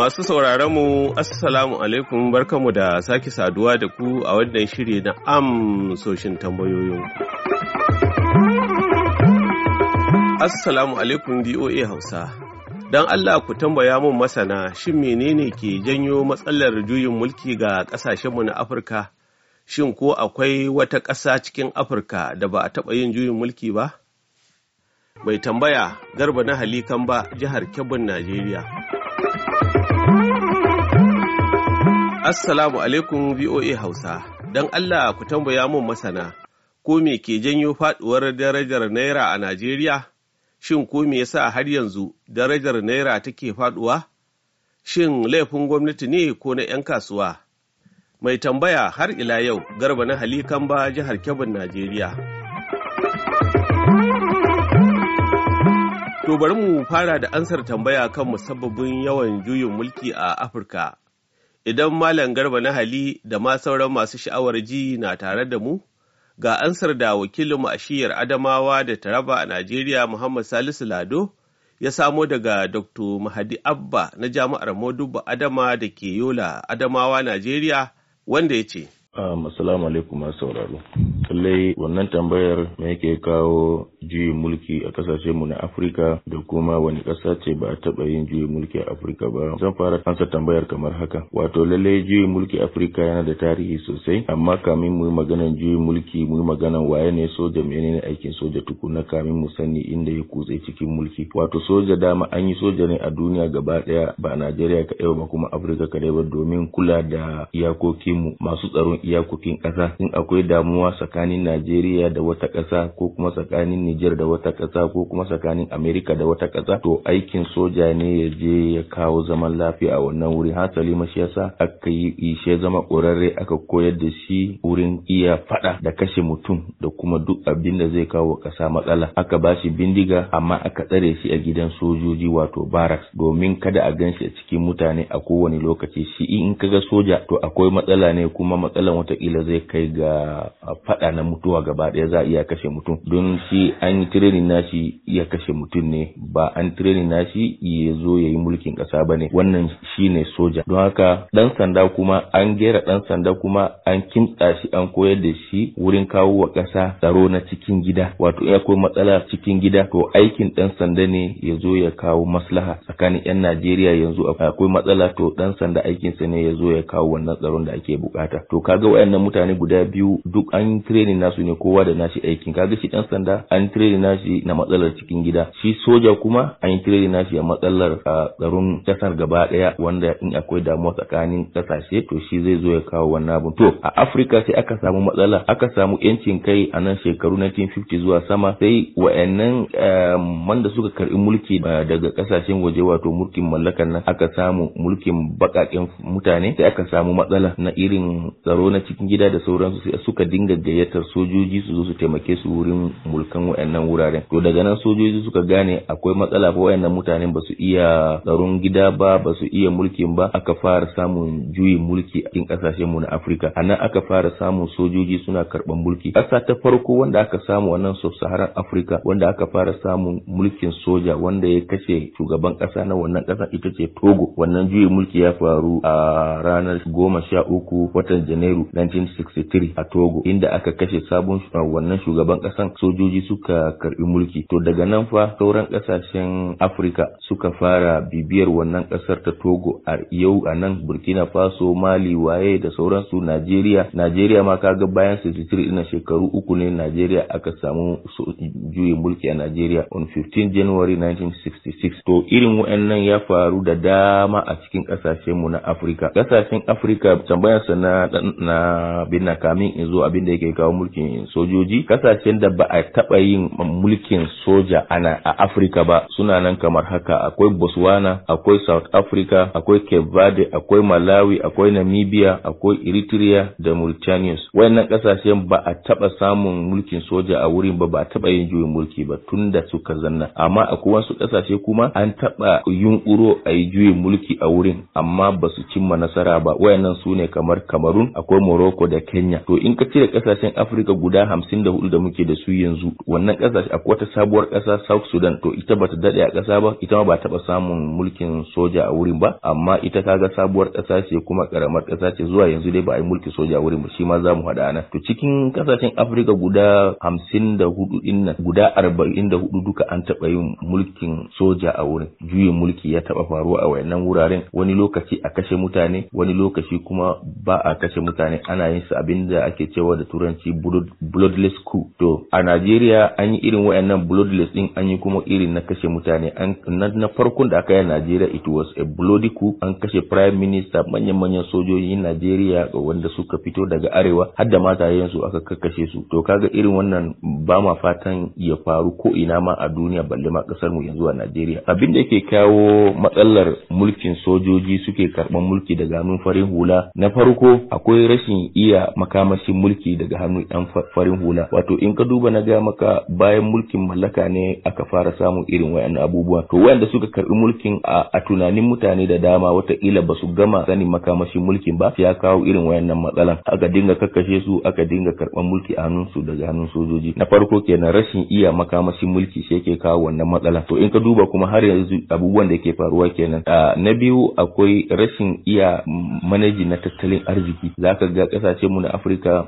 Masu sauraron mu Assalamu alaikum barkamu da sake saduwa da ku a wannan shiri na amsoshin tambayoyin. Assalamu alaikum DOA Hausa. Don Allah ku tambaya mun masana shin menene ke janyo matsalar juyin mulki ga ƙasashenmu na Afirka? Shin ko akwai wata ƙasa cikin Afirka da ba a taɓa yin juyin mulki ba? Mai tambaya garba na halikan ba jihar Kebbin Najeriya. Assalamu alaikum BOA Hausa, don Allah ku tambaya mun masana, ko me ke janyo faduwar darajar Naira a Najeriya? Shin ko me yasa har yanzu darajar Naira take faduwa? Shin laifin gwamnati ne ko na 'yan kasuwa? Mai tambaya har ila yau garba na ba jihar Kebbin Najeriya. To bari mu fara da ansar tambaya kan musabbabin yawan juyin mulki a Afirka. Idan Malam Garba na Hali da ma sauran masu sha'awar ji na tare da mu, ga ansar da wakilinmu a shiyar Adamawa da Taraba a Najeriya Muhammad Salisu Lado ya samo daga Dr. Mahadi Abba na Jami'ar Modubba Adama da ke Yola Adamawa Najeriya wanda ya ce. Um, assalamu alaikum sauraro. lallai wannan tambayar me yake kawo juyin mulki a kasashe mu na Afirka da kuma wani kasa ce ba a taɓa yin juyin mulki a Afirka ba. Zan fara ansa tambayar kamar haka. Wato lallai juyin mulki Afirka yana da tarihi sosai amma kamin mu yi juyin mulki mu yi maganan waye ne soja menene aikin soja tukuna kamin mu sani inda ya kutse cikin mulki. Wato soja dama an yi soja ne a duniya gaba daya? ba a Najeriya kaɗai ba kuma Afirka kaɗai ba domin kula da mu masu tsaron iyakokin kasa. in akwai damuwa saka? tsakanin Najeriya da wata ƙasa ko kuma tsakanin Nijar da wata ƙasa ko kuma tsakanin Amerika da wata ƙasa to aikin soja ne ya je ya kawo zaman lafiya a wannan wuri hasali ma shi yasa aka yi ishe zama ƙwararre aka koyar da shi wurin iya faɗa da kashe mutum da kuma duk abin da zai kawo ƙasa matsala aka ba shi bindiga amma aka tsare shi a gidan sojoji wato barracks domin kada a ganshi a cikin mutane a kowane lokaci shi in kaga soja to akwai matsala ne kuma matsalan watakila zai kai ga faɗa na mutuwa gaba ɗaya za a iya kashe mutum don shi an yi tirenin nashi iya kashe mutum ne ba an tirenin nashi ya zo ya yi mulkin ƙasa ba ne wannan shi ne soja don haka ɗan sanda kuma an gera ɗan sanda kuma an kimtsa shi an koyar da shi wurin kawo wa ƙasa tsaro na cikin gida wato in akwai matsala cikin gida to aikin ɗan sanda ne ya zo ya kawo maslaha tsakanin 'yan Najeriya yanzu akwai matsala to ɗan sanda aikinsa ne ya zo ya kawo wannan tsaron da ake bukata to kaga wayannan mutane guda biyu duk an training nasu ne kowa da nashi aikin kaga shi dan sanda an training nashi na matsalar cikin gida shi soja kuma an training nashi a matsalar tsaron kasar gaba daya wanda in akwai damuwa tsakanin kasashe to shi zai zo ya kawo wannan abun to a Africa sai aka samu matsala aka samu yancin kai a nan shekaru 1950 zuwa sama sai wayannan um, wanda suka karbi mulki uh, daga kasashen waje wato mulkin mallakan nan aka samu mulkin bakaken mutane sai aka samu matsala na irin tsaro na cikin gida da sauransu sai suka dinga gaya gayyatar sojoji su zo su taimake su wurin mulkan wayannan wuraren to daga nan sojoji suka gane akwai matsala fa wayannan mutanen ba su iya tsaron gida ba ba su iya mulkin ba aka fara samun juyin mulki a cikin kasashen mu na Afirka anan aka fara samun sojoji suna karban mulki ƙasa ta farko wanda aka samu wannan sub-Saharan Afirka wanda aka fara samun mulkin soja wanda ya kashe shugaban kasa na wannan kasa ita ce Togo wannan juyin mulki ya faru a ranar goma sha uku watan Janairu 1963 a Togo inda aka aka kashe sabon wannan shugaban kasan sojoji suka karbi mulki to daga nan fa sauran kasashen afirka suka fara bibiyar wannan kasar ta togo a yau a nan burkina faso mali waye da sauransu najeriya najeriya ma kaga bayan 63 ina shekaru uku ne najeriya aka samu juyin mulki a najeriya on 15 january 1966 to irin wa'annan ya faru da dama a cikin kasashen mu na afirka kasashen afirka tambayarsa na na kamin in zo abin da yake kawo mulkin sojoji kasashen da ba a taɓa yin mulkin soja ana a Afirka ba suna nan kamar haka akwai Botswana akwai South Africa akwai Cape Verde akwai Malawi akwai Namibia akwai Eritrea da Mauritania wayannan kasashen ba a taɓa samun mulkin soja a wurin ba ba a taɓa yin juyin mulki ba tun da suka zanna amma akwai wasu kasashe kuma an taɓa yunƙuro a yi juyin mulki a wurin amma ba su cimma nasara ba wayannan su ne kamar Cameroon akwai Morocco da Kenya to in ka cire kasashen kasashen Afirka guda hamsin da muke da su yanzu wannan kasashe akwai wata sabuwar ƙasa South Sudan to ita bata dade a ƙasa ba ita ma ba taba samun mulkin soja a wurin ba amma ita kaga sabuwar ƙasa ce kuma karamar ƙasa ce zuwa yanzu dai ba a yi mulkin soja a wurin ba shi ma za mu hada nan to cikin kasashen Afirka guda hamsin da hudu nan guda arba'in da hudu duka an taba yin mulkin soja a wurin juyin mulki ya taba faruwa a wayannan wuraren wani lokaci a kashe mutane wani lokaci kuma ba a kashe mutane ana yin su abin da ake cewa da turanci karanci bloodless coup to a Najeriya an yi irin wayannan bloodless din an yi kuma irin na kashe mutane na farkon da aka yi a Najeriya it was a bloody coup an kashe prime minister manyan-manyan sojojin Najeriya wanda suka fito daga arewa har da matayensu aka kakkashe su to kaga irin wannan ba ma fatan ya faru ko ina ma a duniya balle ma kasar mu yanzu a Najeriya abin da ke kawo matsalar mulkin sojoji suke karban mulki daga hannun farin hula na farko akwai rashin iya makamashin mulki daga samu yan farin hula wato in ka duba na ga maka bayan mulkin mallaka ne aka fara samun irin wayannan abubuwan. to wayanda suka karbi mulkin a tunanin mutane da dama wataƙila ba su gama sanin makamashin mulkin ba ya kawo irin wayannan matsalan aka dinga kakkashe su aka dinga karban mulki a hannunsu daga hannun sojoji na farko kenan rashin iya makamashin mulki shi yake kawo wannan matsala to in ka duba kuma har yanzu abubuwan da ke faruwa kenan na biyu akwai rashin iya manaji na tattalin arziki zaka ga kasashen mu na Afirka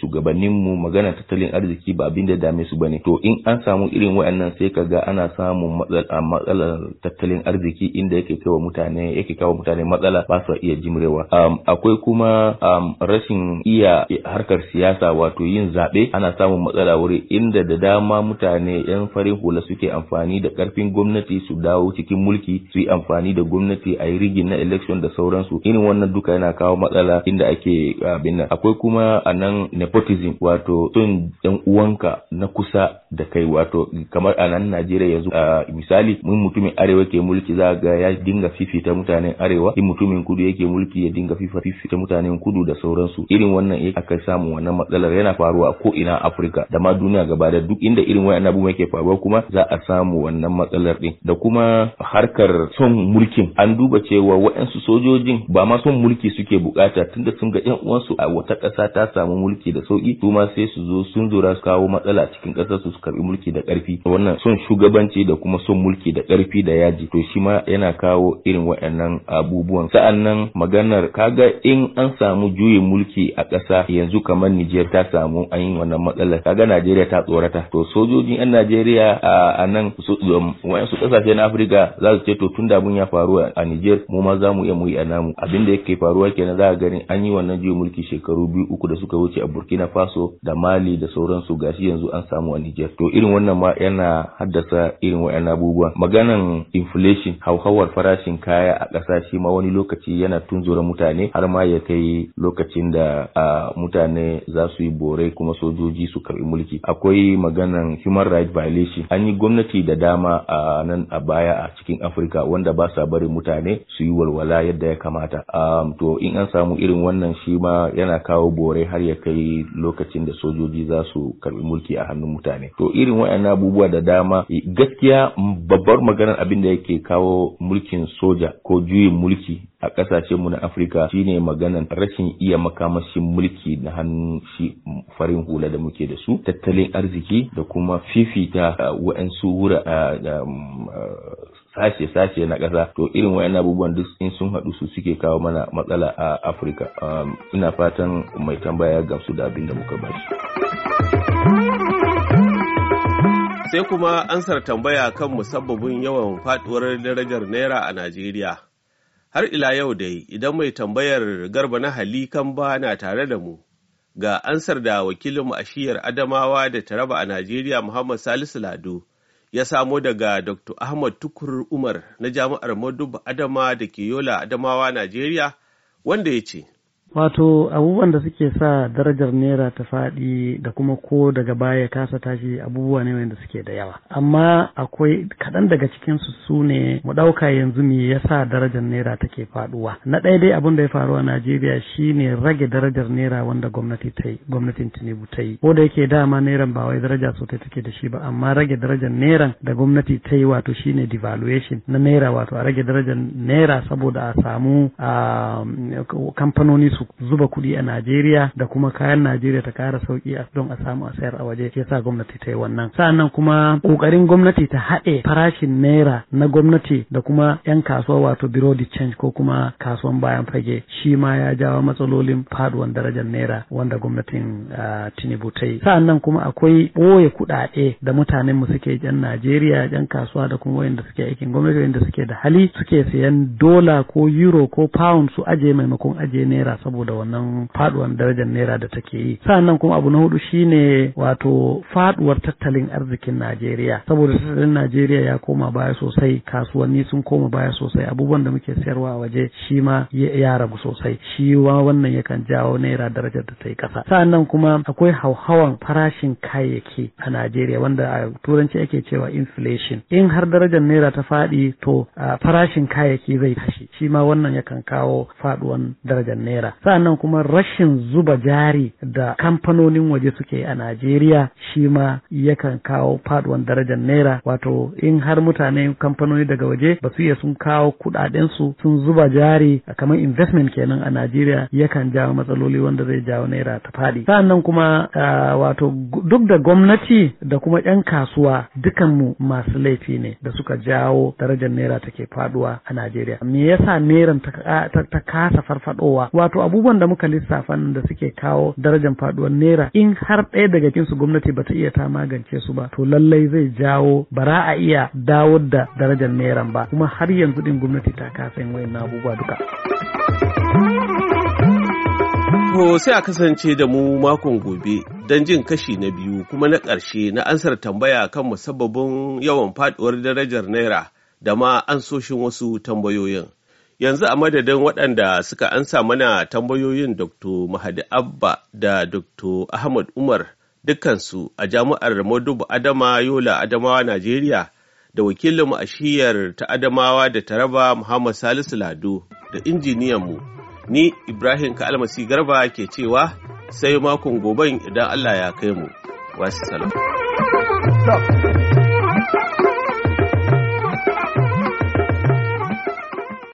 shugaban mu magana tattalin arziki ba abin da dame su bane to in an samu irin wayannan sai ka ga ana samun matsalar tattalin arziki inda yake kawo mutane yake kawo mutane matsala ba su iya jimrewa akwai kuma rashin iya harkar siyasa wato yin zaɓe ana samun matsala wuri inda da dama mutane yan farin hula suke amfani da karfin gwamnati su dawo cikin mulki su yi amfani da gwamnati a yi rigin na election da sauransu irin wannan duka yana kawo matsala inda ake abin nan akwai kuma a nan nepotism wato son yan uwanka na kusa da kai wato kamar a nan Najeriya yanzu a misali mun mutumin arewa ke mulki za ga ya dinga fifita mutanen arewa in mutumin kudu yake mulki ya dinga fifita mutanen kudu da sauransu irin wannan ya eh, aka samu wannan matsalar yana faruwa ko ina Afirka da ma duniya gaba da duk inda irin wayannan abu yake faruwa kuma za a samu wannan matsalar din da kuma harkar son mulkin an duba cewa waɗansu sojojin ba ma son mulki suke bukata tunda sun ga yan uwansu a wata ƙasa ta samu mulki da sauki kuma sai su zo sun zura su kawo matsala cikin ƙasar su su karbi mulki da ƙarfi wannan son shugabanci da kuma son mulki da ƙarfi da yaji to shi ma yana kawo irin waɗannan abubuwan sa'annan maganar kaga in an samu juyin mulki a ƙasa yanzu kamar Nijar ta samu an yi wannan matsalar kaga Najeriya ta tsorata to sojojin 'yan Najeriya a nan su um, ƙasashe na Afirka za su ce to tun da mun ya faru a Nijar mu ma za mu iya mu yi a namu abin da yake faruwa kenan za a gani an yi wannan juyin mulki shekaru biyu uku da suka wuce a Burkina burkina faso da mali da sauransu gashi yanzu an samu a niger to irin wannan ma yana haddasa irin wa'yan abubuwan maganan inflation hauhawar farashin kaya a ƙasa shi ma wani lokaci yana tunzura mutane har ma ya kai lokacin da mutane za su yi bore kuma sojoji su karɓi mulki akwai maganan human right violation an yi gwamnati da dama a nan a baya a cikin afirka wanda ba sa barin mutane su yi walwala yadda ya kamata to in an samu irin wannan shi ma yana kawo bore har ya kai lokacin da sojoji za su karbi mulki a hannun mutane to irin wayannan abubuwa da dama eh, gaskiya mm, babbar maganar abin da yake kawo mulkin soja ko juyin mulki a kasashen mu na Afirka shine maganar rashin iya makamashin mulki na hannun shi mm, farin hula da muke da su tattalin arziki da kuma fifita uh, wa'ansu wura uh, mm, uh, sace sashe na ƙasa to irin wayan abubuwan duk in sun haɗu su suke kawo mana matsala a afirka um, ina fatan mai tambaya gamsu da abin da muka bashi sai kuma ansar tambaya kan musabbabin yawan faduwar darajar naira a najeriya har ila yau dai idan mai tambayar garba na hali kan ba na tare da mu ga ansar da wakilinmu a shiyar adamawa da taraba a najeriya muhammad salisu lado ya samo daga Dr. Ahmad Tukur Umar na Jami'ar Maduba Adama da ke Yola Adamawa, Najeriya, wanda ya ce, wato abubuwan da suke sa darajar naira ta faɗi da kuma ko daga baya kasa tashi abubuwa ne wanda suke da yawa amma akwai kaɗan daga cikinsu su ne mu ɗauka yanzu me yasa darajar naira take faɗuwa na ɗaya dai abin da ya faru a najeriya shine rage darajar naira wanda gwamnati ta yi gwamnatin tinubu ta yi ko da yake dama nairan ba wai daraja sosai take da shi ba amma rage darajar naira da gwamnati ta yi wato shine devaluation na naira wato a rage darajar naira saboda a samu ah, kamfanoni su zuba kuɗi a Najeriya da kuma kayan Najeriya ta kara sauki don a samu a sayar a waje ke sa gwamnati ta yi wannan sa'annan kuma ƙoƙarin gwamnati ta haɗe farashin naira na gwamnati da kuma 'yan kasuwa wato birodi change ko kuma kasuwan bayan fage shi ma ya jawo matsalolin faduwan darajar naira wanda gwamnatin tinubu ta yi sa'annan kuma akwai ɓoye kuɗaɗe da mutanen mu suke yan najeriya yan kasuwa da kuma wayanda suke aikin gwamnati wayanda suke da hali suke sayan dola ko euro ko pound su aje maimakon aje naira saboda wannan faduwan darajar naira da take yi sannan kuma abu na hudu shine wato faduwar tattalin arzikin Najeriya saboda tattalin Najeriya ya koma baya sosai kasuwanni sun koma baya sosai abubuwan da muke sayarwa a waje shi ma ya ragu sosai shi wannan yakan jawo naira darajar da ta yi kasa sannan kuma akwai hauhawan farashin kayayyaki a Najeriya wanda a turanci ake cewa inflation in har darajar naira ta faɗi to farashin kayayyaki zai tashi shi ma wannan yakan kawo faduwan darajar naira sannan kuma rashin zuba jari da kamfanonin waje suke a Najeriya shi ma yakan kawo faduwan darajar naira wato in har mutane kamfanoni daga waje ba su iya sun kawo kudaden su sun zuba jari kamar investment kenan a Najeriya yakan jawo matsaloli wanda zai jawo naira ta fadi sannan kuma uh, wato duk da gwamnati da kuma 'yan kasuwa dukan mu masu laifi ne da suka jawo darajar naira take faduwa a Najeriya me yasa naira ta, ta kasa farfadowa wato abubuwan da muka lissafa da suke kawo darajar faduwar naira in har ɗaya daga cikin su gwamnati ba ta iya ta magance su ba to lallai zai jawo bara a iya dawo da darajar nairan ba kuma har yanzu din gwamnati ta kasa yin wayan abubuwa duka. To sai a kasance da mu makon gobe don jin kashi na biyu kuma na ƙarshe na ansar tambaya kan musabbabin yawan faduwar darajar naira da ma ansoshin wasu tambayoyin. Yanzu a madadin waɗanda suka ansa mana tambayoyin Dr. Mahadi Abba da Dr. Ahmad Umar dukkansu a jami'ar Modubu Adama Yola Adamawa Najeriya da wakilin a shiyar ta Adamawa da Taraba Muhammad Salisu Lado da injiniyanmu ni Ibrahim kalmasi Garba ke cewa sai makon goben idan Allah ya kai mu. Wasu Wassalam.